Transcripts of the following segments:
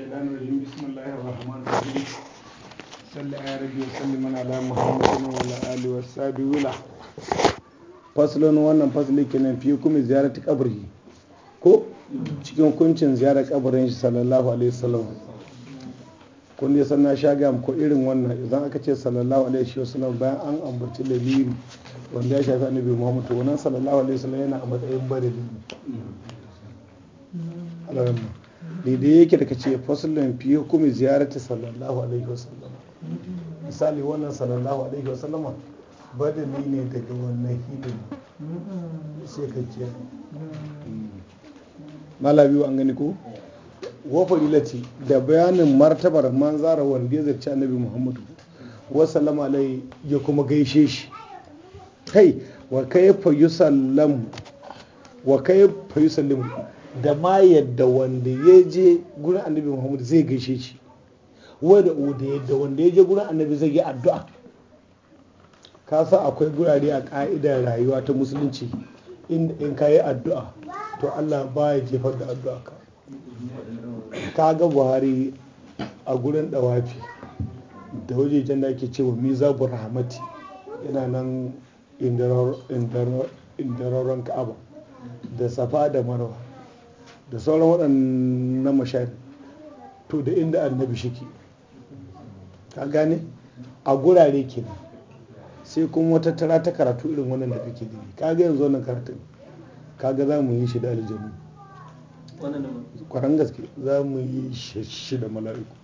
الشيطان الرجيم بسم الله الرحمن الرحيم صلى الله عليه وسلم على محمد وعلى آله وصحبه وله فصل wannan fasli kenan fi kuma ziyarati kabri ko cikin hukuncin ziyarar kabarin shi sallallahu alaihi wasallam kun ya san na shaga ko irin wannan idan aka ce sallallahu alaihi wasallam bayan an ambaci lamiri wanda ya shafi annabi Muhammad to wannan sallallahu alaihi wasallam yana a matsayin barili Allah daidai yake da kace fasulun fi hukumi ziyarati sallallahu alaihi wasallam misali wannan sallallahu alaihi wasallam badani ne daga wannan hidima sai ka ce malabi an gani ko wa fadilati da bayanin martabar manzara wanda ya zarci annabi muhammadu wa sallama alaihi ya kuma gaishe shi kai wa fa yusallam wa fa yusallam da ma yadda wanda ya je gurin annabi muhammad zai gaishe shi wai da yadda wanda ya je gurin annabi zai yi addu'a ka sa akwai gurare a ka'idar rayuwa ta musulunci in ka yi addu'a to allah ba ya jefar da addu'a ka ka ga buhari a gurin dawafi da wajejen da ake cewa mizabu rahamati yana nan indararon ka'aba da safa da marwa da sauran waɗannan mashari, to da inda annabi ke, ka gane a gurare ne. sai kuma wata tara ta karatu irin wannan da kake gani ka ga yanzu wannan karatun ka ga za mu yi shi da aljanu kwaran gaske za mu yi shi da mala'iku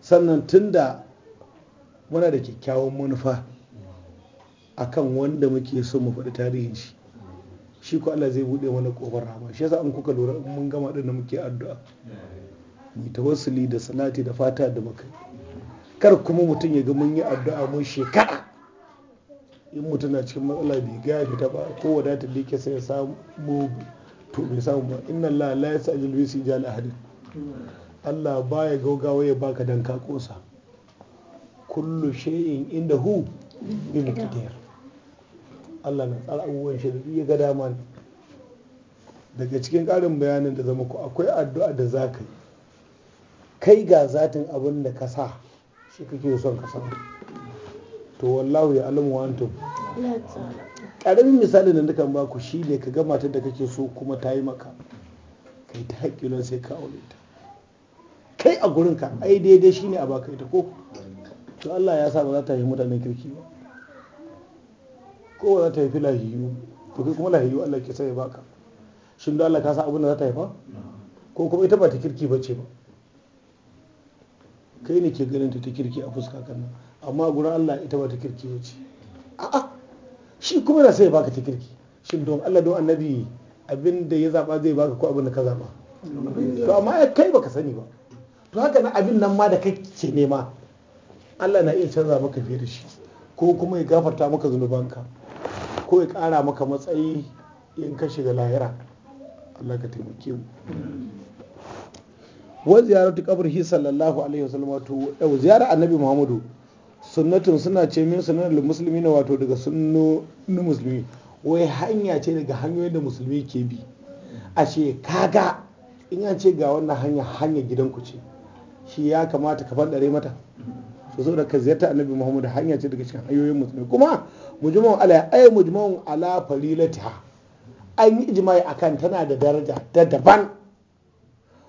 sannan tunda muna da kyakkyawan manufa akan wanda muke so mu faɗi tarihin shi shi ko Allah zai bude mana kofar rahama shi yasa an kuka lura in mun gama din da muke addu'a mu tawassuli da salati da fata da maka kar kuma mutum ya ga mun yi addu'a mun shekara in mutum na cikin matsala bai gaya fita ba ko wadata da yake sai ya samu to bai samu ba inna Allah la yas'alul bisi jal ahadin Allah baya gaugawa ya baka dan ka kosa kullu shay'in inda hu bi miqdar Allah na tsara abubuwan shi da ya ga dama ne daga cikin ƙarin bayanin da zama ku akwai addu'a da za ka yi kai ga zatin abin da ka sa shi kake son ka samu to wallahu ya alamu wa ƙaramin misalin da nakan baku shi ne ka ga matar da kake so kuma ta yi maka kai ta haƙƙilon sai ka aure ta kai a gurinka ai daidai shi ne a baka ita ko to Allah ya sa ba za ta yi mutanen kirki ba kowa za ta haifi lahiyu to kai kuma lahiyu Allah ke sai baka shin da Allah ka san abin da za ta haifa ko kuma ita ba ta kirki ba ce ba kai ne ke ganin ta ta kirki a fuska kan amma gurin Allah ita ba ta kirki ba ce a'a shi kuma na sai ya baka ta kirki shin don Allah don annabi abin da ya zaba zai baka ko abin da ka zaba to amma kai baka sani ba to haka na abin nan ma da kake nema Allah na iya canza maka fiye da shi ko kuma ya gafarta maka zunubanka ko ya kara maka matsayi in ka shiga lahira Allah ka taimake mu wa ziyaratu qabrihi sallallahu alaihi wasallam to ziyara annabi Muhammadu sunnatun suna ce min sunnatul muslimin wato daga sunno na musulmi wai hanya ce daga hanyoyin da musulmi ke bi ashe kaga in an ce ga wannan hanya hanya gidanku ce shi ya kamata ka fadare mata to saboda ka ziyarta annabi muhammad hanya ce daga cikin ayoyin musulmi kuma mujma'un ala ay eh, mujma'un ala farilatiha an yi ijma'i akan tana da daraja ta daban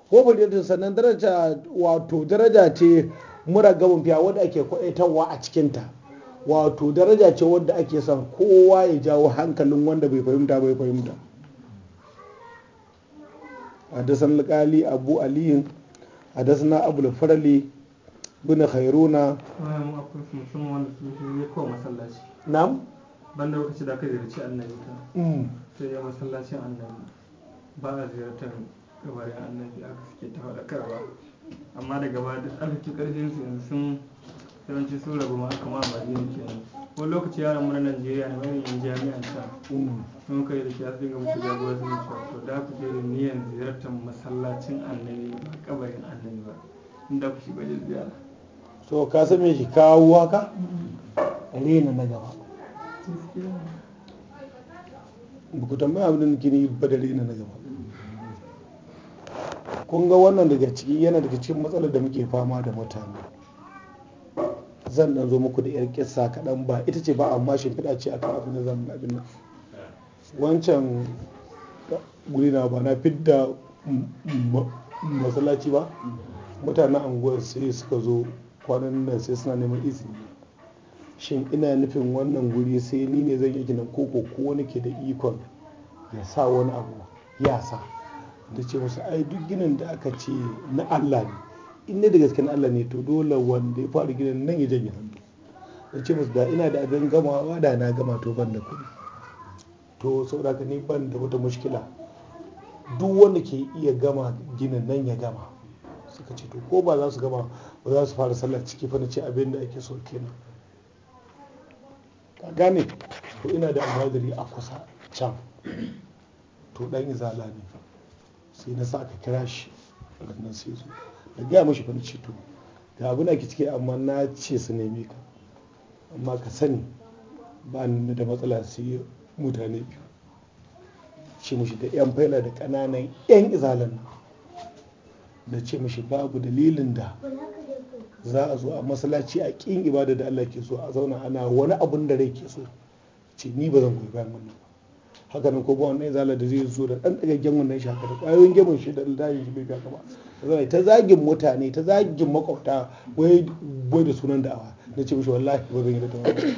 ko farilatiha sannan daraja wato daraja ce mura muragabin fiya wadda ake kwaitawa a cikinta wato daraja ce wadda ake son kowa ya jawo hankalin wanda bai fahimta bai fahimta dasan likali abu aliyin hadasana abu farali bin khairuna bayan akwai sun wanda su ya kowa masallaci na'am ban da lokaci da aka ziyarci annabi ta mm. sai ya masallacin annabi ba a ziyartar kabarin annabi aka suke ta faɗakarwa amma daga baya duk arziki ƙarfin su yanzu sun yawanci sun rabu ma aka ma madina kenan wani lokaci yaran mu na najeriya na bayan yin jami'an ta mm. sun kai da kiyar dinga musu jagorar sun cewa to da ku je da niyyar ziyartar masallacin annabi ba kabarin annabi ba inda ku shiga ziyara to ka san me shi kawo waka? rena na gaba Buku ku tambaya abin da nake na gaba kun ga wannan daga ciki yana daga cikin matsalar da muke fama da mutane zan nan zo muku da yar kisa kaɗan ba ita ce ba amma shimfiɗa ce akan abin da zan abin nan wancan guri na ba na fidda masallaci ba mutanen anguwar sai suka zo kwanan nan sai suna neman izini shin ina nufin wannan guri sai ni ne zan yi gina koko ko wani ke da ikon ya sa wani abu ya sa da ce musu ai duk ginin da aka ce na Allah ne in ne da gaske na Allah ne to dole wanda ya fara ginin nan ya janye hannu da ce musu da ina da abin gamawa da na gama to ban da kuɗi to saboda ka ni ban da wata mushkila duk wanda ke iya gama ginin nan ya gama suka ce to ko ba za su gama ba za su fara sallah ciki fa na ce abin da ake so kenan ka gane to ina da almajiri a kusa can to dan izala ne sai na sa ka kira shi rannan sai zo da gaya mashi fa na ce to ga abin da ake ciki amma na ce su neme ka amma ka sani ba ni da matsala su yi mutane biyu ce mashi da 'yan faila da ƙananan 'yan izalan na ce mashi babu dalilin da za a zo a masallaci a ƙin ibada da Allah ke so a zauna ana wani abun da rai ke so ce ni ba zan goyi bayan wannan ba haka nan ko ba wannan izala da zai zo da ɗan ɗagaggen wannan shaka da ƙwayoyin gemun shi da dalilin shi bai biya ba. zai ta zagin mutane ta zagin makwabta wai wai da sunan da'awa na ce mishi wallahi ba zan yi da wani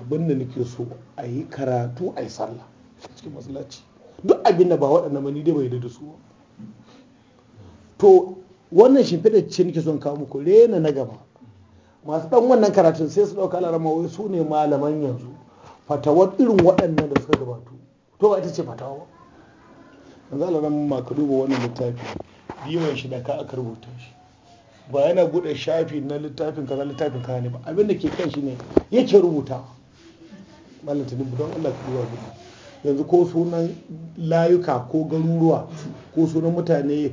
abin da nake so a yi karatu a yi sallah cikin masallaci duk abin da ba waɗannan ba ni dai bai da su to wannan shimfiɗa ce nake son kawo muku rena na gaba masu ɗan wannan karatun sai su ɗauka alarama wai su ne malaman yanzu fatawar irin waɗannan da suka gabatu to ba ita ce fatawa yanzu alarama ma ka duba wannan littafi biyan shi da ka aka rubuta shi ba yana buɗe shafi na littafin kaza littafin kaza ne ba abinda ke kan shi ne yake rubuta malam tinubu don allah ka duba gudu yanzu ko sunan layuka ko garuruwa ko sunan mutane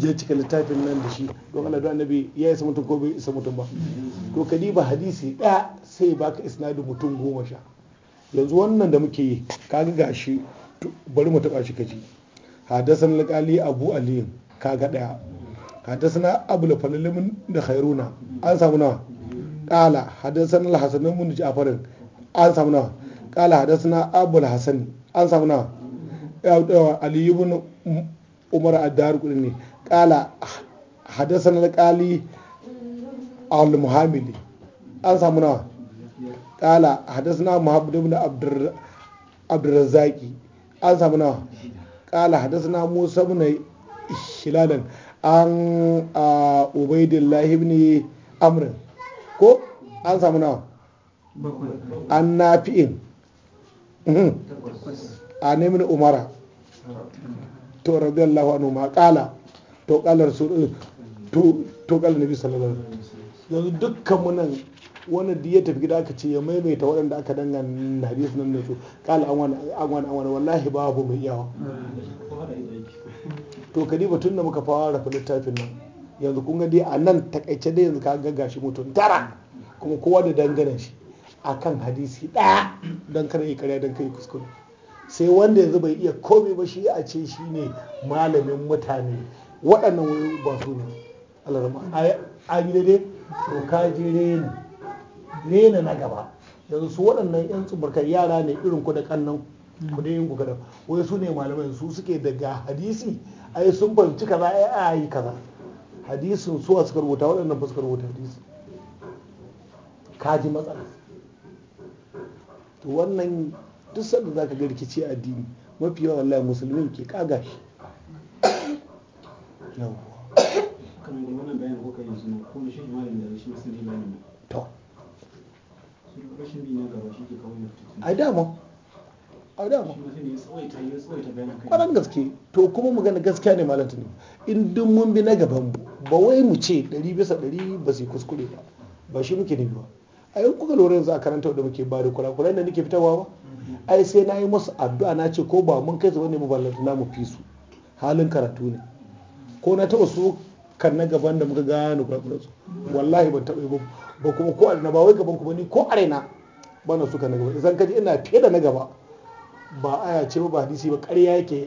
ya cika littafin nan da shi don Allah na annabi ya isa mutum ko bai isa mutum ba to ka ba hadisi ɗaya sai baka isnadin mutum goma sha yanzu wannan da muke yi kaga gashi bari mu taba shi kaji hadasan alƙali abu aliyin kaga ɗaya hadasan abu lafalalimin da khairuna an samu nawa ƙala hadasan alhassanin mun jafarin an samu nawa kala hadasna abul hasan an samu na ali ibn umar ad-dar ne kala hadasna al-qali al-muhammili an samu na kala hadasna muhammad ibn abdur abdurrazzaqi an samu na kala hadasna musa ibn hilalan an a ubaidillahi ibn amr ko an samu na an nafi'in Mhm. a nemin umara to allahu anu ma kala to kala rasul eh, to kala nabi sallallahu alaihi yanzu dukkan mu nan wani da ya tafi gida aka ce ya maimaita waɗanda aka na hadis nan da su kala an wani an wani wallahi babu mai yawa to kadi batun da muka fara fa littafin nan yanzu kun ga dai a nan takaice dai yanzu ka ga gashi mutum tara kuma kowa da dangane shi akan hadisi ɗaya don kana yi karya don kai kuskure sai wanda yanzu bai iya komai ba shi a ce shi ne malamin mutane waɗannan wayo ba su ne alarama a yi dai to ka ji rena rena na gaba yanzu su waɗannan yan tsumbarkar yara ne irin ku da kannan ku da yin ku kadan wai su ne malamai su suke daga hadisi ai sun fahimci kaza ai a yi kaza hadisin suwa suka rubuta waɗannan ba suka rubuta hadisi ka ji matsala to wannan duk sanda zaka ga rikici a addini mafi yawa wallahi musulmin ke kaga shi wannan bayanin yi suna kuma shi da shi musulmi kashin gaba shi ke kawo a dama a dama kwanan gaske to kuma magana gaskiya ne malam tuni in duk mun bi na gaban ba wai mu ce ɗari bisa ɗari ba su kuskure ba ba shi muke ba a in kuka lura yanzu a karanta da muke ba da kurakurai da nake fitarwa ba ai sai na yi masu addu'a na ce ko ba mun kai su bane mu ballanta na mu fi su halin karatu ne ko na taɓa su kan na gaban da muka gane kurakurai su wallahi ban taɓa ba ba kuma ko na ba wai gaban kuma ni ko arena ba na su kan na gaba idan kaji ina fiye da na gaba ba aya ce ba hadisi ba ƙarya yake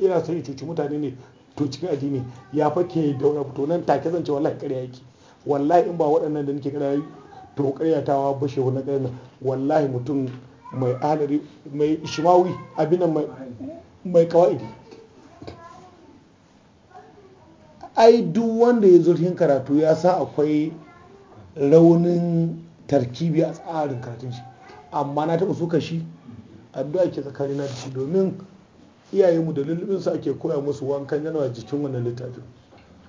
yana son ya cuci mutane ne to cikin addini ya fake da wani fito nan take zance wallahi ƙarya yake wallahi in ba waɗannan da nake ƙarya to ƙaryatawa bashe wani ƙaryata wallahi mutum mai alari mai shimawi abinan mai kawa'idi ai duk wanda ya zurfin karatu ya sa akwai raunin tarkibi a tsarin karatun shi amma na taɓa suka shi addu'a ke tsakanin na shi domin iyayenmu da lullubinsu ake koya musu wankan yana jikin wannan littafin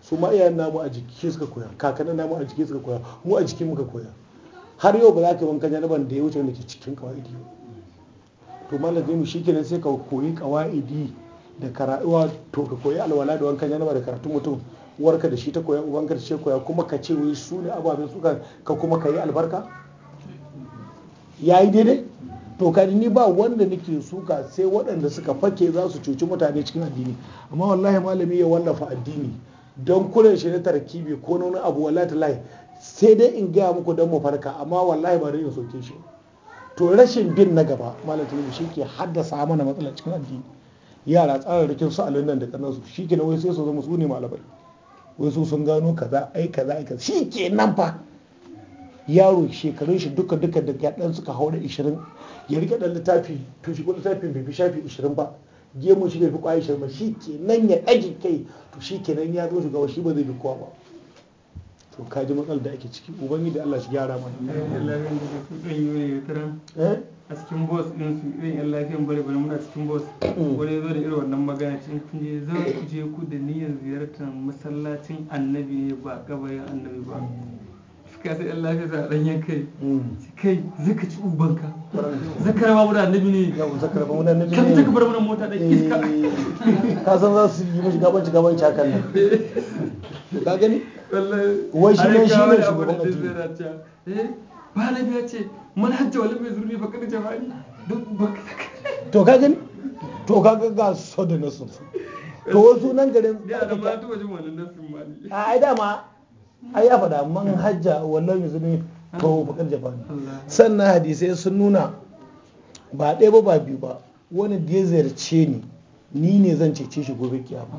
su ma iyayen namu a jiki suka koya kakannin namu a jiki suka koya mu a jiki muka koya har yau ba za ka wanka janaban da ya wuce wanda ke cikin kawa'idi to malam mu shi kenan sai ka koyi kawa'idi da karatuwa to ka koyi alwala da wanka janaba da karatun mutum warka da shi ta koya ubanka da shi koya kuma ka ce wai su ne ababen suka ka kuma ka yi albarka ya yi daidai to ka ni ba wanda nake suka sai waɗanda suka fake za su cuci mutane cikin addini amma wallahi malami ya wallafa addini don kula shi na tarkibi ko na abu wallahi sai dai in gaya muku don mu farka amma wallahi ba in soke shi to rashin bin na gaba malam tulubu shi ke haddasa mana matsala cikin addini yara rikin su a london da kanansu shi ke wai sai su zama su ne malabai wai su sun gano kaza ai kaza ai kaza shi ke nan fa yaro shekarun shi duka duka daga dan suka haura 20 ya rike dan littafi to shi kuma littafin bai fi shafi 20 ba gemu shi bai fi kwaye 20 ba shi ke nan ya ɗage kai to shi ke nan ya zo shugaba shi ba zai fi kowa ba to ka ji matsal da ake ciki ubangiji Allah shi gyara mana eh? a cikin bos din su irin yan lafiyan bare bare muna cikin bos mm. wani zo da irin wannan magana cikin kun je za ku je ku da niyyar ziyartar masallacin annabi ne ba kabarin annabi ba mm. suka sai yan lafiya za a yankai kai mm. zaka ci ubanka Zakar babu da annabi ne yau zakara babu da annabi ne kan bar babu mota da iska eh, ka san za su yi mishi gabanci gabanci hakan nan ka gani wai shi ne shi ne shugaban addini ba na biya ce man hajji wala mai zurfi ba kada jama'i duk ba to ka gani to ka ga ga so da nasu to wasu nan garin ya da ma tuwa jin wannan nasu ma ai dama ai ya man hajja kawo bakar jafani sannan hadisai sun nuna ba ɗaya ba ba biyu ba wani da ya ziyarce ni ni ne zan cece shi gobe kiyama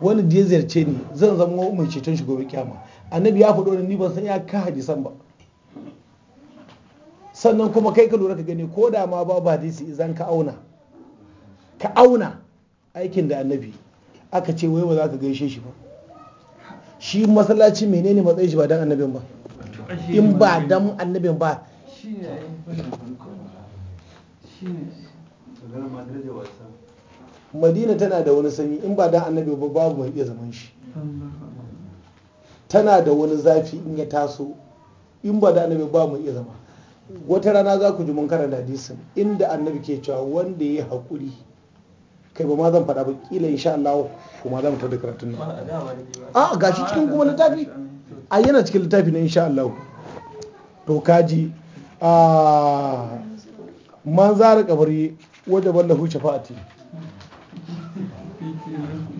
wani da ya ziyarce ni zan zama mai ceton shi gobe kiyama annabi ya faɗo ni ban san ya ka hadisan ba sannan kuma kai ka lura ka gani ko da ma babu hadisi zan ka auna ka auna aikin da annabi aka ce wai ba za ka gaishe shi ba shi masallaci menene matsayin shi ba dan annabin ba in ba dan annabin ba madina tana da wani sanyi in ba dan annabi ba babu mai iya zaman shi tana da wani zafi in ya taso in ba da annabi ba mu iya zama wata rana za ku ji mun da hadisin inda annabi ke cewa wanda ya haƙuri kai ba ma zan faɗa ba kila insha Allah kuma zan fito da karatun nan a gashi cikin kuma littafi a yana cikin littafi na insha Allah to kaji a man zara kabari wadda ballahu shafa'ati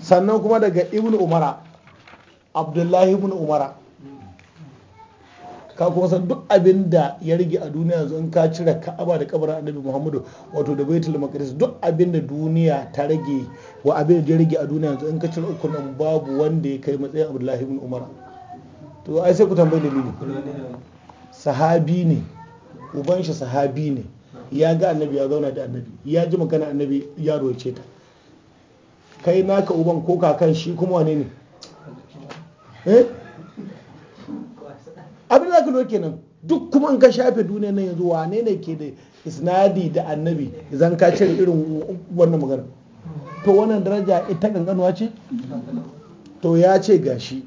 sannan kuma daga ibn umara abdullahi ibn umara ka kuma san duk abin da ya rage a duniya yanzu in ka cire ka'aba da kabarin annabi muhammadu wato da baitul maqdis duk abin da duniya ta rage wa abin da ya rage a duniya yanzu in ka cire uku nan babu wanda ya kai matsayin abdullahi ibn umara to ai sai ku tambayi dalili sahabi ne uban shi sahabi ne ya ga annabi ya zauna da annabi ya ji magana annabi ya roce ta kai naka uban ko kakan shi kuma wane ne eh abin da ka zo kenan duk kuma in ka shafe duniya nan yanzu wane ne ke da isnadi da annabi idan ka cire irin wannan magana to wannan daraja ita kankanuwa ce to ya ce gashi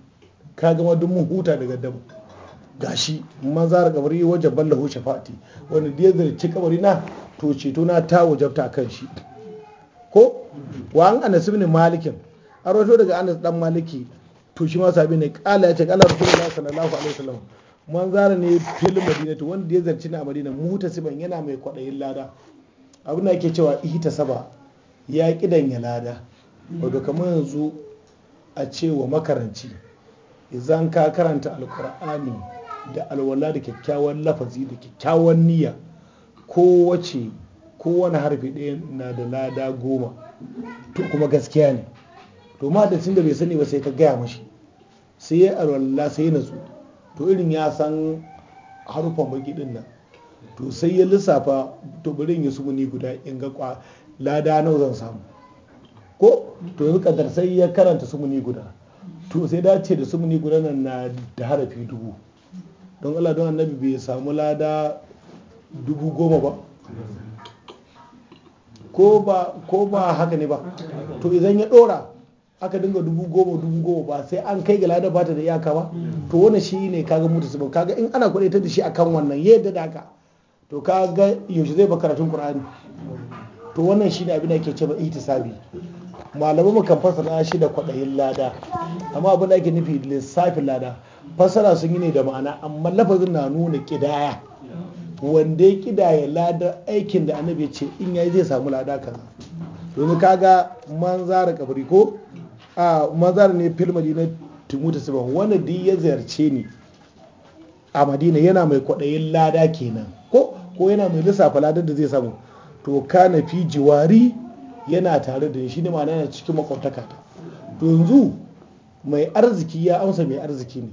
ka gama duk mun huta daga damu gashi man zara kabari wajen ballahu shafati wani da ya zarci kabari na to ceto na ta wajabta kan shi ko wa an anas ibn malikin a rawaito daga anas dan maliki to shi ma sabi ne kala ya ce kala rasulullahi sallallahu alaihi wasallam man zara ne filin madinatu wanda ya zarci na madina siban yana mai kwadayin lada abin da ake cewa ihta saba ya kidan ya lada wato kamar yanzu a cewa makaranci idan ka karanta alkur'ani da alwala da kyakkyawan lafazi da kyakkyawan niyya kowace kowane harfi ɗaya na da lada goma to kuma gaskiya ne to mahaddacin da bai sani ba sai ka gaya mashi sai ya alwala sai ya natsu to irin ya san harufan baki din nan to sai ya lissafa to bari ya sumuni guda in ga lada nawa zan samu ko to yanzu kadar sai ya karanta sumuni guda to sai dace da sumuni guda na da harafi dubu don Allah don annabi bai samu lada dubu goma ba ko ba haka ne ba to idan ya dora aka dinga dubu goma dubu goma ba sai an kai ga lada bata da iyaka ba to wannan shi ne kaga mutu sabon kaga in ana ta da shi akan wannan yadda da haka to kaga yaushe zai ba karatun kur'ani to wannan shi ne abin da ake cewa ihtisabi malamu mu kan shi da kwaɗayin lada amma abin da ake nufi lissafin lada fasara sun yi ne da ma'ana amma lafazin na nuna kidaya wanda ya kidaya lada aikin da annabi ce in yayi zai samu lada kaza domin kaga manzara kabari ko a manzara ne fil madina timuta siba wanda duk ya ziyarce ni a madina yana mai kwaɗayin lada kenan ko ko yana mai lissafa ladar da zai samu to kana fi jiwari yana tare da shi ne ma'ana yana cikin makwautaka ta yanzu mai arziki ya amsa mai arziki ne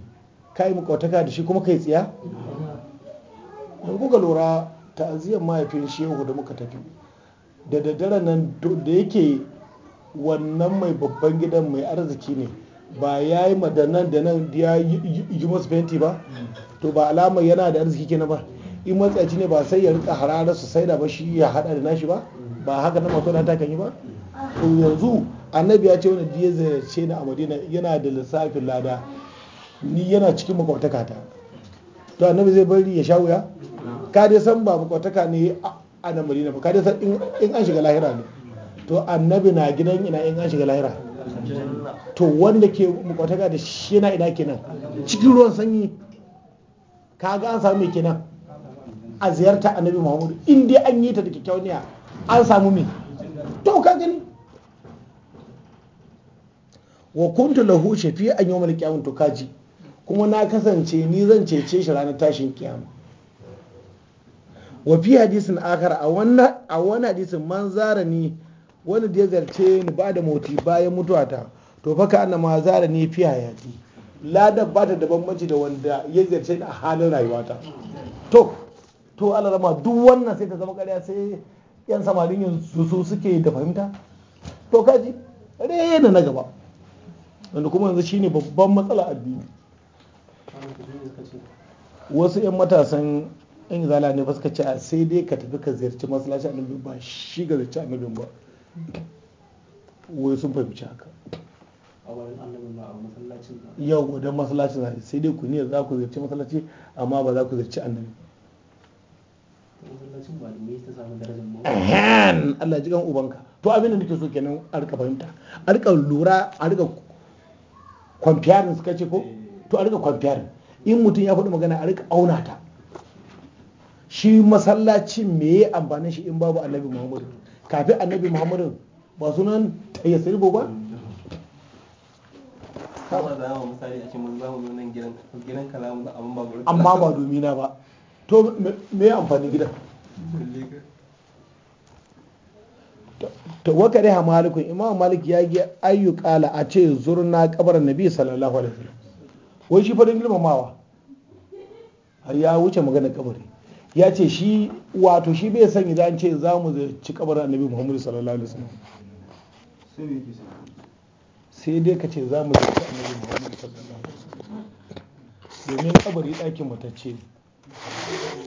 ka yi makwautaka da shi kuma kai tsiya in kuka lura ta'aziyar mahaifin shehu da muka tafi da daddare nan da yake wannan mai babban gidan mai arziki ne ba ya yi madannan da nan ya yi masu fenti ba to ba alamar yana da arziki kenan ba in matsayaci ne ba sai ya rika harara su sai da ba shi ya hada da nashi ba ba haka na masu ta kan yi ba to yanzu annabi ya ce wani da ya ziyarce ni a madina yana da lissafin lada ni yana cikin makwataka ta to annabi zai bari ya sha wuya ka dai san ba makwataka ne a nan madina ba ka dai san in an shiga lahira ne to annabi na gidan ina in an shiga lahira to wanda ke makwataka da shi yana ina kenan cikin ruwan sanyi ka ga an samu kenan a ziyarta annabi muhammadu in dai an yi ta da kyakkyawan niyya an samu me to ka gani wa kuntu lahu shafi'an yawmal qiyamah to kaji kuma na kasance ni zan cece shi ranar tashin kiyama wa fi hadisin akar a a wani hadisin man zara ni wani da ya zarce ni ba da moti bayan mutuwata to fa ka annama zara ni fi hayati ladar ba ta da bambanci da wanda ya zarce a halin rayuwata to to Allah rama duk wannan sai ta zama ƙarya sai yan samarin yanzu su suke da fahimta to kaji rena na gaba wanda kuma yanzu shine babban matsala addini wasu 'yan matasan yan zala ne suka ce a sai dai ka tafi ka ziyarci masallaci annabi ba shi ga a annabin ba wai sun fahimci haka yau wadon masallacin zai sai dai ku ne za ku ziyarci masallaci amma ba za ku ziyarci annabi masallacin ahem Allah ji ubanka to abin da nake so kenan a rika fahimta a rika lura a rika kwamfiyarin suka ce ko to a rika kwamfiyarin in mutum ya faɗi magana a rika auna ta shi masallaci me ya amfanin shi in babu annabi muhammadu kafin annabi muhammadu ba sunan tayyasir ba amma ba domina ba to me amfanin gidan Ta waka reha malikun imam malik ya gi ayyukala a ce zurna kabar nabi sallallahu alaihi wasallam wai shi farin girmamawa har ya wuce magana kabari ya ce shi wato shi bai san idan ce za mu ci kabarin annabi muhammadu sallallahu alaihi wasallam sai dai ka ce za mu ci annabi muhammadu sallallahu alaihi wasallam domin kabari ɗakin matacce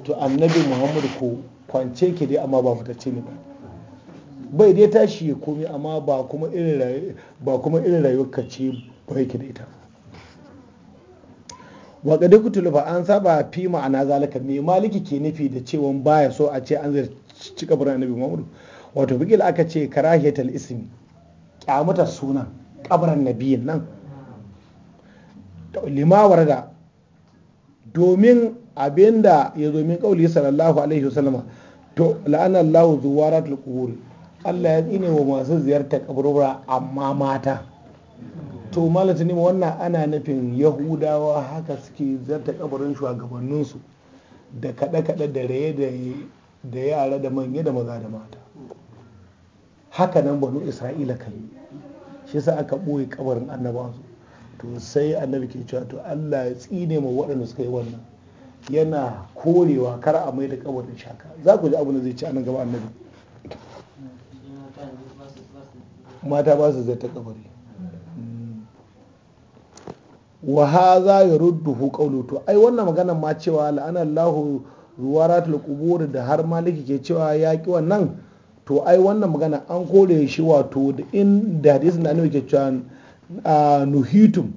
to annabi muhammadu ko kwance ke dai amma ba matacce ne ba bai dai tashi ya komi amma ba kuma irin rayuwar ka ce ba yake da ita waka kada kutulufa an saba fi ma'ana zalika mai maliki ke nufi da cewa baya so a ce an zarci kabarin annabi muhammadu wato bigil aka ce karahiyatal ismi kyamata sunan kabarin nabiyin nan limawar da domin abinda ya zo min kauli sallallahu alaihi wasallama to la'ana Allahu zuwaratul qubur Allah ya tsine wa masu ziyartar kaburbura amma mata to malata ne wannan ana nufin yahudawa haka suke ziyartar kabarin shugabanninsu da kaɗe-kaɗe da raye da yara da manya da maza da mata haka nan banu isra'ila kan yi shi sa aka ɓoye kabarin annabansu to sai annabi ke cewa to Allah ya tsine ma waɗanda suka yi wannan yana korewa kar a mai da kabarin shaka za ku ji abin da zai ci a nan gaba annabi mata ba su zai ta kabari wa haza ya qawlu to ai wannan maganar ma cewa la'ana Allahu ruwaratul qubur da har maliki ke cewa ya ki wannan to ai wannan magana an kore shi wato da in da hadis na ne ke cewa nuhitum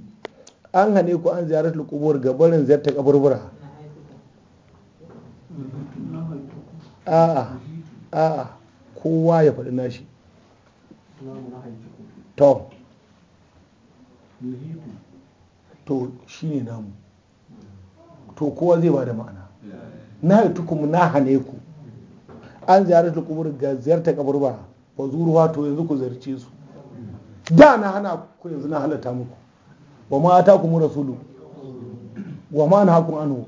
an hane ku an ziyarar kubur ga barin ziyarta kaburbura a'a a'a kowa ya faɗi nashi to to shi ne namu to kowa zai ba da ma'ana na kuma na hane ku an ziyarar kubur ga ziyarta kaburbara ba ba zuruwa to yanzu ku zarce su da na hana ku yanzu na halatta muku wa ma ta kuma rasulu wa ma na hakun anu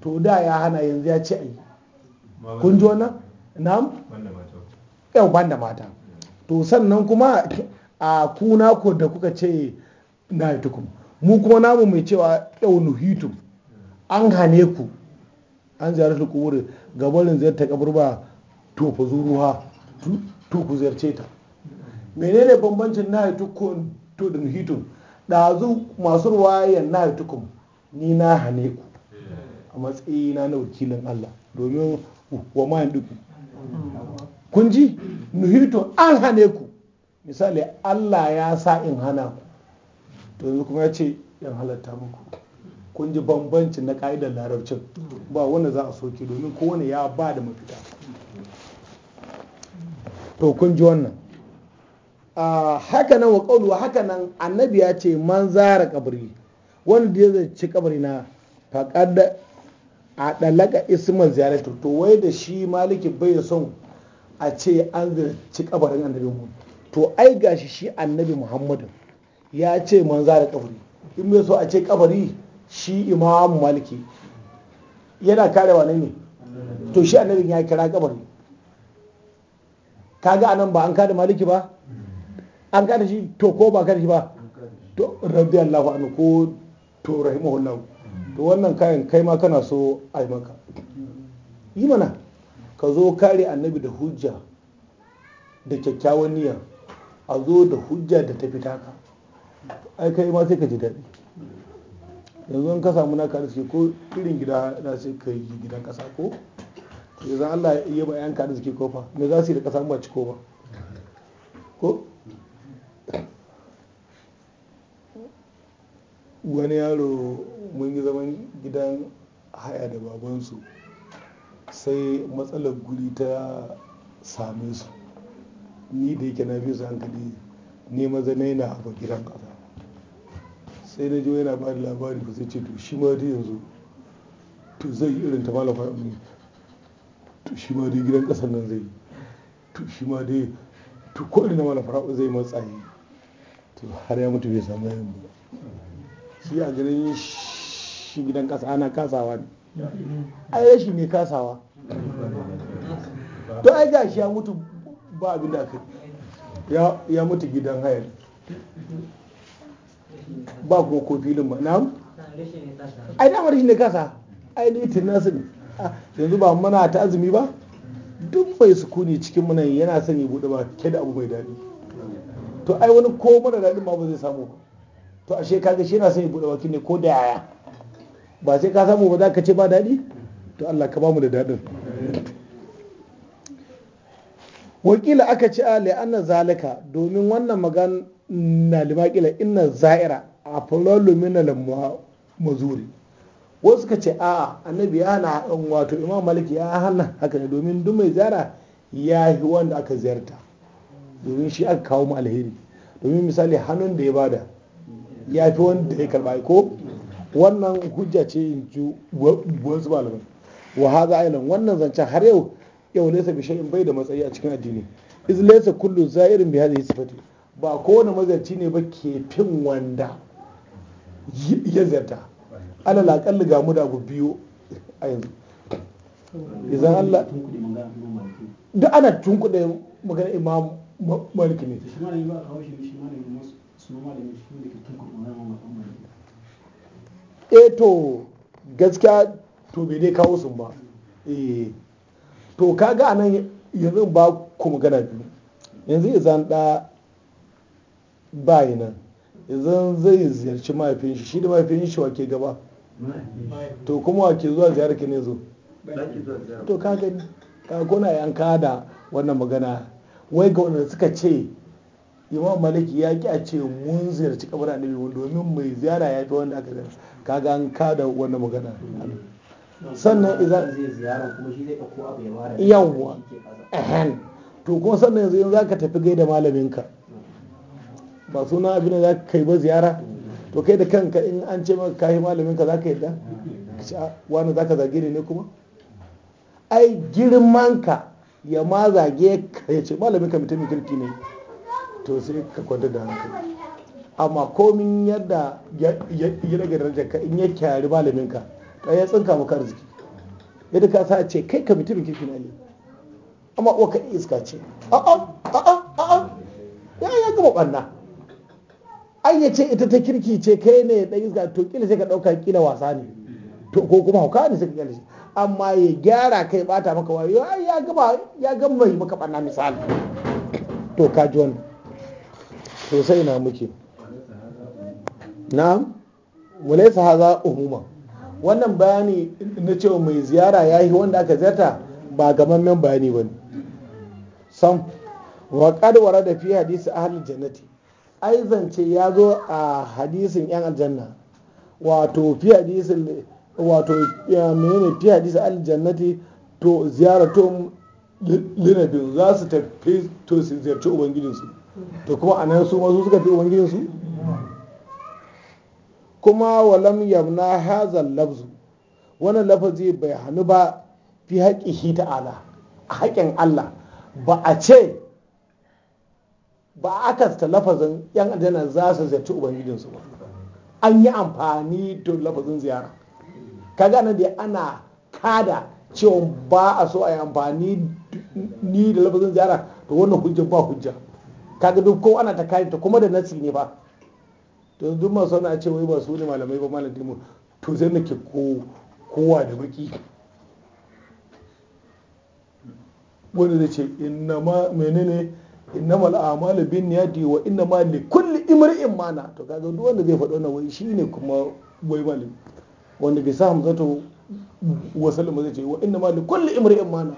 to da ya hana yanzu ya ce ai kun ji wannan na'am yau banda mata to sannan kuma a kuna ko da kuka ce na tukum mu kuma namu mai cewa 'Yau nuhitu an hane ku an ziyarar kubur gabarin ziyarta kaburba to fa to ku ziyarce ta menene bambancin na tukun to da da ɗazu masu ruwayan na tukun ni na hane ku a matsayina na wakilin Allah domin wa ma duku kunji ji nuhitu an hane ku misali Allah ya sa in hana ku to yanzu kuma ya ce 'Yan halatta muku kun ji bambanci na ka'idar larabcin ba wanda za a soke domin kowane ya ba da mafita to kun ji wannan Hakanan hakanan wa ƙauluwa hakanan annabi ya ce man zara kabari wanda ya zarci kabari na faƙar da a ɗalaka isman ziyarar to wai da shi maliki bai son a ce an zirci kabarin annabi mu to ai gashi shi annabi Muhammadu ya ce man zara kabari in mai so a ce kabari shi imam maliki yana kare wa ne to shi annabi ya kira kabari kaga anan ba an kada maliki ba an kada shi to ko ba kada shi ba to radiyallahu anhu ko to rahimahullahu to wannan kayan kai ma kana so a yi maka yi mana ka zo kare annabi da hujja da kyakkyawan niyya a zo da hujja da ta fita ka ai kai ma sai ka ji daɗi yanzu in ka samu kare arziki ko irin gida na sai ka yi gidan ƙasa ko yanzu Allah ya yi bayan kare arziki ko fa me za su yi da ƙasa ba ci ko ba ko wani yaro mun yi zaman gidan haya da babansu sai matsalar guri ta same su ni da yake na fi su hankali ne maza na yana a gidan ƙasa sai na ji yana ba da labari ba sai ce to shi ma dai yanzu to zai yi irin ta malafa ne to shi ma dai gidan ƙasar nan zai to shi ma dai to ko irin na malafa zai matsayi to har ya mutu bai samu yayin ba shi a ganin shi gidan ƙasa ana kasawa ne ai shi mai kasawa to ai shi ya mutu ba abin da kai. ya mutu gidan hayar ba ko ko filin ba na ai damar shi ne kasa ai ni nasu ne yanzu ba mana ta azumi ba duk mai sukuni cikin mana yana sanya bude ba ke da abu mai daɗi to ai wani ko mara daɗin ma ba zai samu to ashe kaga shi yana sanya bude ba ne ko da yaya ba sai ka samu ba za ka ce ba daɗi to Allah ka bamu da daɗin wakila aka ce a ah, li'anna zalika domin wannan magana na limakila ina za'ira a falalu lamuwa mazuri wasu ka ce a'a annabi ya hana wato imam malik ya hana haka ne domin duk mai ziyara ya yi wanda aka ziyarta domin shi aka kawo mu alheri domin misali hannun da ya bada ya fi wanda ya karba ko wannan hujja ce yanzu wasu malamai wa haza ailan wannan zancen har yau yau laysa bi shay'in bai da matsayi a cikin addini iz laysa kullu za'irin bi hadhihi sifati ba kowane mazarci ne ba ke fin wanda ya zarta alal aqalli ga mu da abu biyu a yanzu idan Allah duk ana tunkuɗe magana imam maliki ne eto eh to gaskiya to bai dai kawo sun ba eh to kaga anan yanzu ba ku magana biyu yanzu izan da bayi nan yanzu zai ziyarci mahaifin shi shi da mahaifin shi wake gaba to kuma wake zuwa ziyarar ki ne zo to kaga ni ka gona yan kada wannan magana wai ga wanda suka ce imam maliki ya ki a ce mun ziyarci kabarin annabi domin mai ziyara ya fi wanda aka ziyarci kaga an kada wannan magana sannan idan yawwa ahan to kuma sannan yanzu in zaka tafi gaida malaminka ba suna abin da zaka kai ba ziyara to kai da kanka in an ce maka kai malaminka zaka yadda wani zaka zage ne kuma ai girmanka ya ma zage ka ya ce malaminka mutumin kirki ne to sai ka kwanta da hankali amma komin yadda ya daga darajar ka in ya kyari malamin ka ta ya tsinka maka arziki yadda ka sa ce kai ka mutumin kirki na ne amma uwa ka iska ce a'a a'a a'a ya ya gama banna an ya ce ita ta kirki ce kai ne ɗan iska to kila sai ka ɗauka, kila wasa ne to ko kuma hauka ne sai ka kila amma ya gyara kai bata maka wayo ya gama ya gama maka ɓanna misali to ka ji wannan to sai na muke na'am walaysa hadha umuma wannan bayani na cewa mai ziyara ya yi wanda aka ziyarta ba gamammen bayani ne sam wa qad da fi hadisi ahlul jannati ai zance ya zo a hadisin yan aljanna wato fi hadisin wato menene fi hadisin jannati to ziyaratum linabin za su tafi to su ziyarci ubangijinsu to kuma anan su ma su suka fi ubangijinsu kuma walam yamna hazal lafzu wannan lafazi bai hannu ba fi ta ta'ala a haƙin Allah ba a ce ba a akasta lafazin yan aljanna za su ziyarci ubangijinsu ba an yi amfani da lafazin ziyara kaga nan dai ana kada cewa ba a so a yi amfani ni da lafazin ziyara to wannan hujja ba hujja kaga duk ko ana ta kai ta kuma da nasi ne ba don duk masu wani a ce wai ba su ne malamai ba malam tilmur to zai nake kowa da baki wanda zai ce ma menene innamal a'malu bin niyati wa ma li kulli imri'in mana to kaga duk wanda zai faɗo wannan wai shine kuma wai malami wanda bai sa hamzatu wa sallama zai ce wa ma li kulli imri'in mana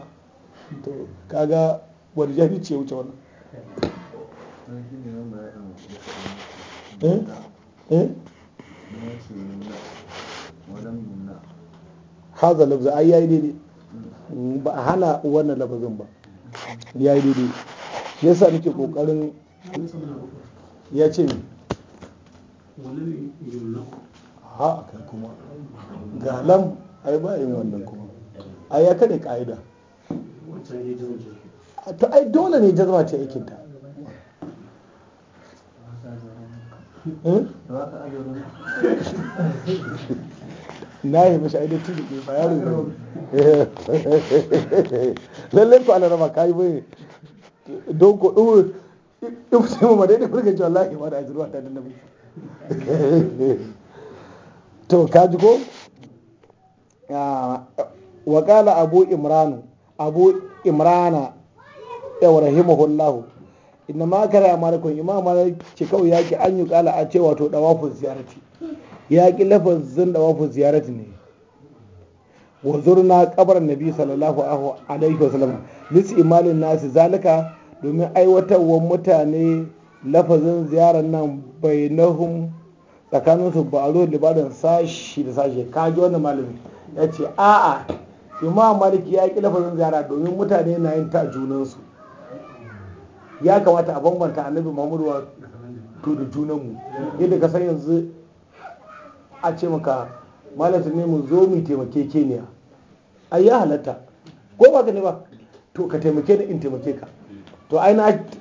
to kaga wani jahi ce wuce wannan Eh? haza lafza ai yayi daidai ba hana wannan lafazin ba yayi daidai yasa nake kokarin ya ce ha kai kuma ga lam ai ba yin wannan kuma ai ya kada ka'ida to ai dole ne jazma ce aikinta Eh? na yi mashi aidar tudu ke ba yaro ne eh. lallai ko alarama ka yi bai don ko ɗuwur ɗin sai mu madai da furkan cewa lahi ma da ajiyarwa ta danna nabi to ka ji ko wa kala abu imranu abu imrana yau rahimahullahu inna ma kara ya malakun imam malik ce kawai yaƙi an yi kala a cewa to dawafin ziyarati yaƙi lafazin dawafin ziyarati ne wa zurna kabar nabi sallallahu alaihi wasallam lis imalin nasi zalika domin aiwatarwar mutane lafazin ziyarar nan bai nahum tsakanin su ba'alo libadan sashi da sashi kaji wani malami ya ce a'a imam maliki ya ƙi lafazin ziyara domin mutane na yin ta junansu ya kamata a bambanta annabi muhammadu wa to da junanmu yadda ka san yanzu a ce maka malam ne mu zo mu taimake keniya ai ya halatta ko ba ka ne ba to ka taimake ni in taimake ka to ai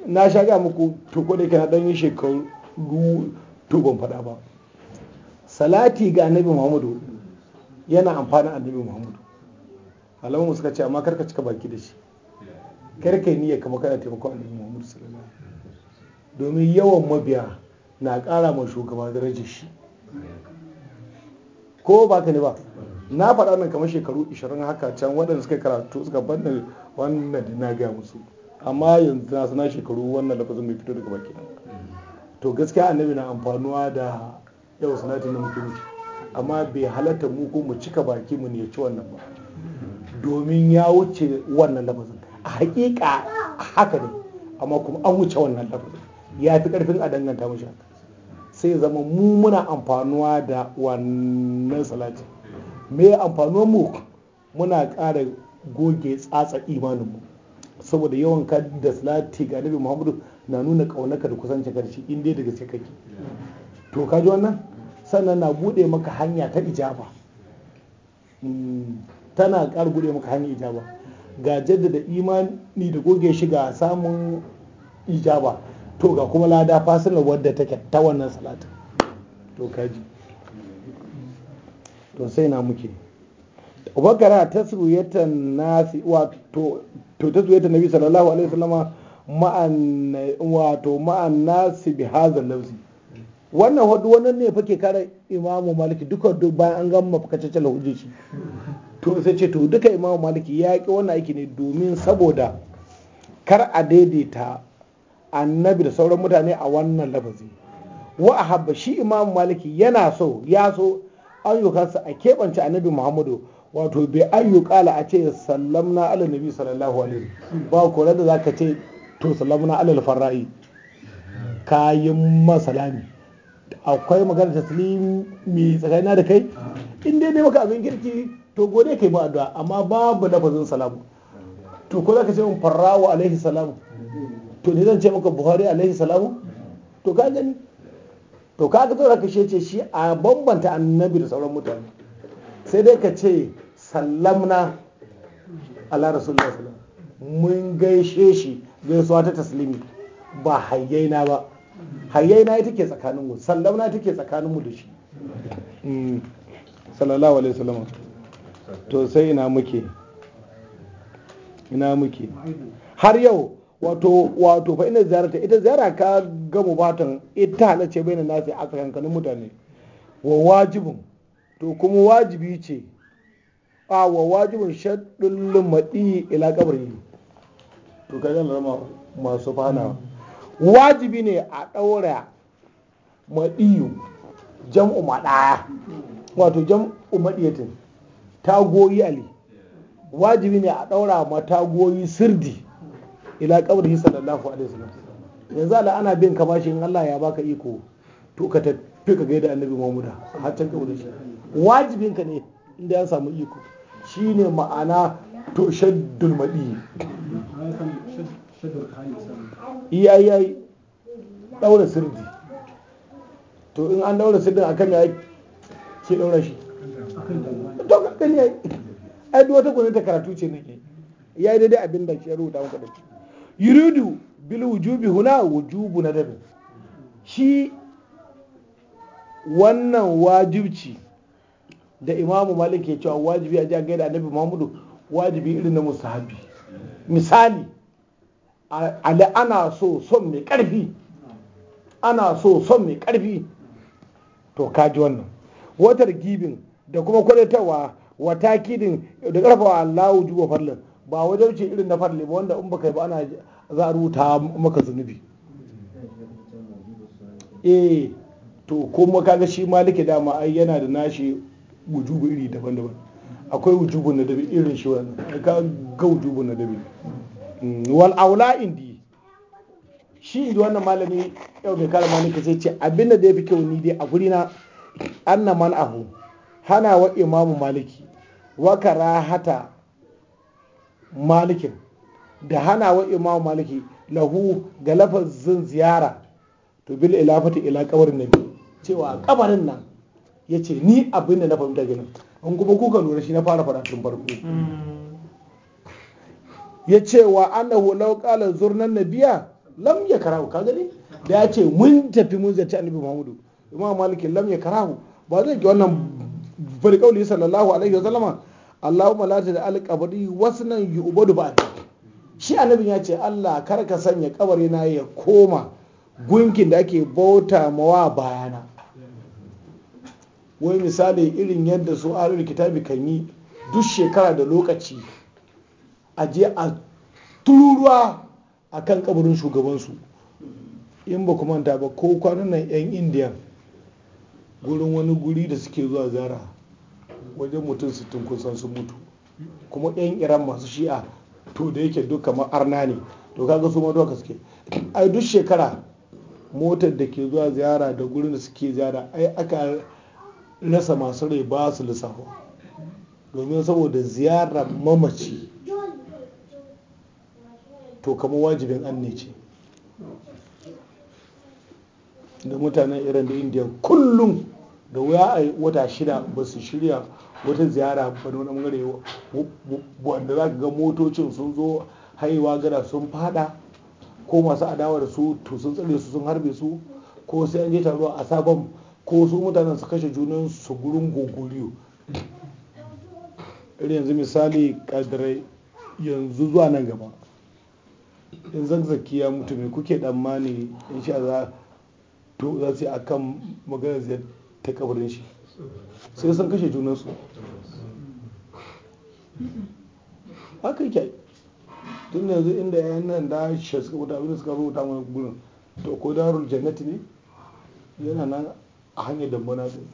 na sha ga muku to ko da yake na dan yin shekaru to ban faɗa ba salati ga annabi muhammadu yana amfanin annabi muhammadu alamun suka ce amma karka cika baki da shi kar kai niyya kama kana a annabi muhammadu sallallahu alaihi domin yawan mabiya na ƙara ma shugaba darajar shi ko ba ka ne ba na faɗa nan kamar shekaru 20 haka can waɗanda suka karatu suka banna wannan da na gaya musu amma yanzu na sana shekaru wannan lafazin mai fito daga baki to gaskiya annabi na amfanuwa da yau sanatin na muke miki amma bai halatta mu ko mu cika baki mu ne ya ci wannan ba domin ya wuce wannan lafazin hakika haka ne amma kuma an wuce wannan lafazin ya fi karfin a danganta mashi haka sai zama mu muna amfanuwa da wannan salati me amfanuwa mu muna ƙara goge tsatsa imaninmu saboda yawan ka da salati ga nabi muhammadu na nuna ƙaunaka da kusancin karshe in dai da kake to ka ji wannan sannan na buɗe maka hanya ta ijaba hmm, tana ƙara buɗe maka hanya ijaba ga jaddada imani da goge shi ga samun ijaba to ga kuma lada fasilar wadda take ta wannan salata to kaji to sai na muke bakara ta suruyata nasi wato to ta suruyata nabi sallallahu alaihi wasallama ma'an wato ma'an nasi bi hazal lafzi wannan hudu wannan ne fake kare imamu maliki duka bayan an gama fakacce hujji shi to sai ce to duka imam maliki ya ki wannan aiki ne domin saboda kar a daidaita annabi da sauran mutane a wannan lafazi wa a haba shi imam maliki yana so ya so ayyukansa a keɓance annabi muhammadu wato bai ayyukala a ce sallamna ala nabi sallallahu alaihi ba ku da za ka ce to sallamna ala alfarra'i kayan masalami akwai magana taslimi tsakanina da kai in dai ne maka abin kirki to gode kai ba addu'a amma babu lafazin salamu to ko za ka ce min Farawo alaihi salamu to ni zan ce maka buhari alaihi salamu to ka gani to ka ga zaka ce shi a bambanta annabi da sauran mutane sai dai ka ce sallamna ala rasulullah sallam mun gaishe shi gaisuwa ta taslimi ba hayyaina ba hayyaina ita ke mu, sallamna take mu da shi mm. sallallahu alaihi wasallam to sai ina muke ina muke har yau wato wato fa ina ziyarta ita ziyara ka ga mubatan ita halace bai na nasi a tsakankanin mutane wa wajibin to kuma wajibi ce a wa wajibin shaddun lumadi ila kabari to ka zan rama masu fana wajibi ne a ɗaura maɗiyu jam'u maɗaya wato jam'u maɗiyatin tagoyi ali wajibi ne a daura ma tagoyi sirdi ila da sallallahu alaihi wasallam yanzu ala ana bin ka bashi in Allah ya baka iko to ka tafi ka gaida annabi Muhammad har can kabarin shi wajibin ka ne inda ya samu iko shine ma'ana to shaddul madi iya iya daura sirdi to in an daura sirdin akan ya ke daura shi yayi ai duk wata gwanin ta karatu ce nake yi daidai abin da shi ya rubuta muka yuridu bil wujubi huna wujubu dabi shi wannan wajibci da imamu malik ke cewa wajibi a jiya gaida annabi muhammadu wajibi irin na musahabi misali ali ana so son mai karfi ana so son mai karfi to kaji wannan watar gibin da kuma kwadatawa wa takidin da karfafa Allah wa farlin ba wajen ce irin na farli ba wanda in baka yi ba ana za a rubuta maka zunubi eh to kuma kaga shi maliki dama ai yana da nashi wujubu iri daban-daban akwai wujubun na dabi irin shi wannan ka ga wujubun na dabi mm, wal aula indi shi indi wannan malami yau mai kare maliki sai ce abinda da ya fi kyau ni dai a guri na annaman ahu hana wa imamu maliki wakara hata malikin da hana wa imamu maliki lahu ga lafazin ziyara to bil ilafati ila kabarin nabi cewa kabarin nan ya ce ni abin da na fahimta ginin in kuma kuka lura shi na fara fara tun farko hmm. ya ce wa annahu law qala zurnan nabiya lam ya karahu ka gani da ya ce mun tafi mun zaci annabi muhammadu imam maliki lam ya karahu ba zai ki wannan bari kauli sallallahu alaihi wa sallama Allahumma la da alƙabari wasu nan yi wasnan ba a shi annabin ya ce Allah kar ka sanya kabari na ya koma gunkin da ake bauta mawa bayana wai misali irin yadda su alul kitabi kan yi duk shekara da lokaci a je a tururuwa a kan kabarin shugabansu in ba kuma ta ba ko kwanan nan 'yan Indiyan gurin wani guri da suke zuwa zara wajen mutum sittin kun san sun mutu kuma yan iran masu shi'a to da yake duk kamar arna ne to kaga su ma doka suke ai duk shekara motar da ke zuwa ziyara da gurin da suke ziyara ai aka rasa masu rai ba su lissafo domin saboda ziyara mamaci to kama wajibin an ne ce da mutanen iran da indiya kullum da wuya a wata shida ba su shirya wata ziyara ba wani bangare wanda za ka ga motocin sun zo haiwa gada sun fada ko masu adawa da su to sun tsare su sun harbe su ko sai an je taro a sabon ko su mutanen su kashe junan su gurin gogoriyo irin yanzu misali kadirai yanzu zuwa nan gaba in zagzaki ya mutu mai kuke tsammani in sha za to za su yi akan maganar ziyarta ta kabarin shi sai sun kashe junansu haka yake tun da yanzu inda yayan nan da shi suka wuta abinda suka rubuta mana gurin to ko darul jannati ne yana nan a hanyar dambana din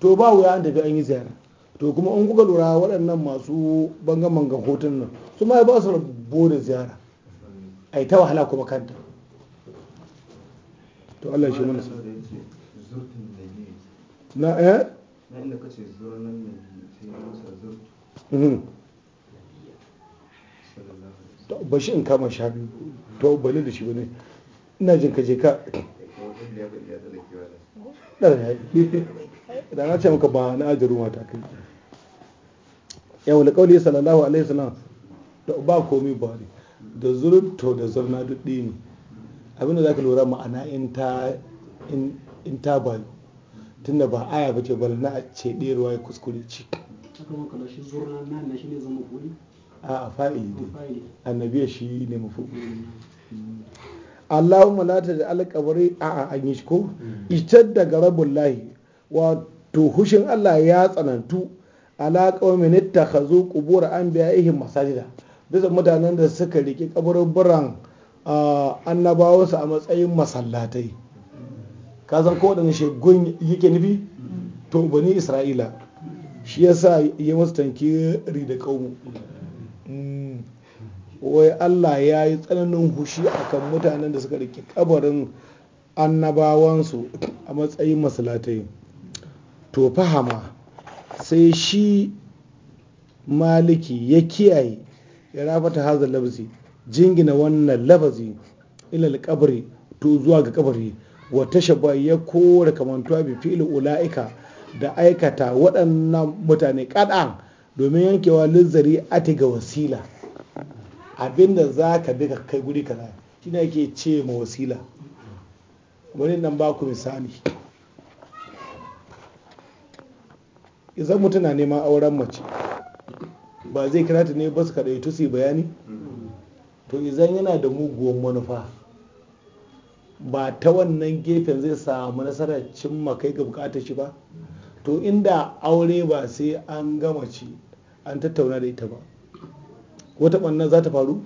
to ba wuya an tafi an yi ziyara to kuma in kuka lura waɗannan masu bangamangan hotun nan su ma ba su rabo da ziyara a yi ta wahala kuma kanta to Allah shi mana sauri na ɗaya? Eh? na inda kace zuwa nan ne sai ya masa zuwa ba shi in kama sha biyu to bane da shi bane ina jin kaje ka da na ce maka ba na ajaru mata kai yau da kauli sallallahu alaihi wasallam da ba komai ba ne da zurun da zarna duk ne abinda za ka lura ma'ana in ta bayu tunda ba aya ba ce bala na a ce ɗeruwa ya kuskure ci a a fa'ili dai annabiya shi ne mafi mm. Allahumma la ta ja'al qabri a a an yi ko mm. itar da garabul lahi wato hushin Allah ya tsanantu ala qaumin ittakhazu qubur anbiya'ihim masajida bisa mutanen da suka rike kaburburan ah, annabawansu a matsayin masallatai ka san ko waɗannan shegun yake nufi to bani isra'ila shi ya sa ya masu tankiri da kaumu mm. wai Allah ya yi tsananin hushi akan mutanen da suka rike kabarin annabawansu a matsayin masalatai to fahama sai shi maliki ya kiyaye ya rafata hazar labzi jingina wannan labazi ilal kabari to zuwa ga kabari wa tashabba ya kore kamantuwa bi fili ula'ika da aikata waɗannan mutane kaɗan domin yankewa lizzari ati ga wasila abinda za ka bi ka kai guri kaza shine ake ce ma wasila Wani nan ba ku misali idan mutum na neman auren mace ba zai kira ta ne ba su kaɗai tusi bayani to idan yana da muguwan manufa ba ta wannan gefen zai samu nasarar cimma kai ga bukatar shi ba to inda aure ba sai an gama ci an tattauna da ita ba wata ɓannan za ta faru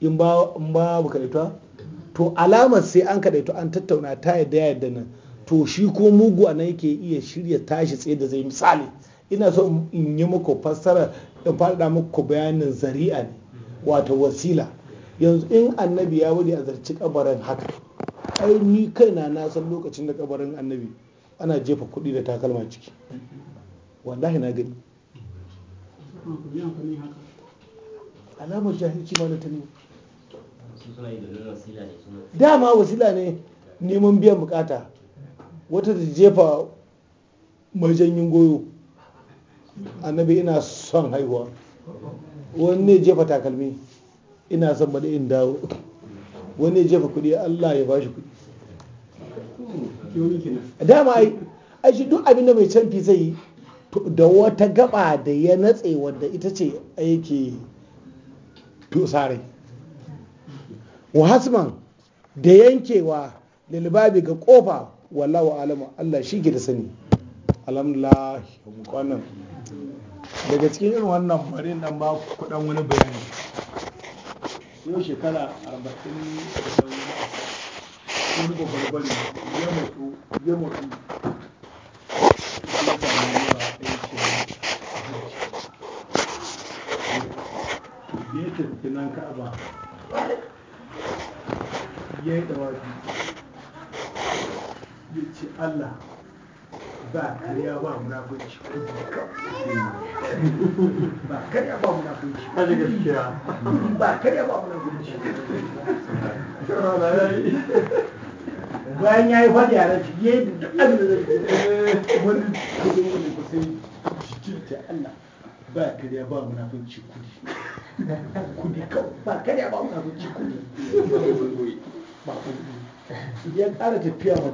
in ba bukaita to alamar sai an kaɗaito an tattauna ta yadda yadda nan to shi ko mugu a nan yake iya shirya tashi tsaye da zai misali ina so in yi muku fassara in faɗa muku bayanin zari'a ne wato wasila yanzu in annabi ya wuri a zarci kabarin haka ai ni kaina na san lokacin da kabarin annabi ana jefa kuɗi da takalma ciki wallahi na gani alamar jahilci ma da ta ne dama wasila ne neman biyan bukata wata da jefa majanyin goyo annabi ina son haihuwa wani ne jefa takalmi ina son bada in dawo wani ne jefa kudi allah ya bashi kudi dama a shi duk abin da mai canfi zai yi da wata gaba da ya natse wadda ita ce yake tusare wa hasman da yankewa lilbabi ga kofa wallahu alama Allah shi ke da sani alhamdulillah wannan daga cikin irin wannan bari nan ba kudan wani bayani yau shekara 40 wani ya ya ce allah ba kariya ba munafunci ba kariya ba munafunci ba ba munafunci bayan ya yi fadi a rashi ya yi duk abin da eh, wani kudin wani kusan jikin Allah ba kariya ba munafunci kudi kudi kawai ba kariya ba munafunci kudi ba kudi ya ƙara tafiya ma.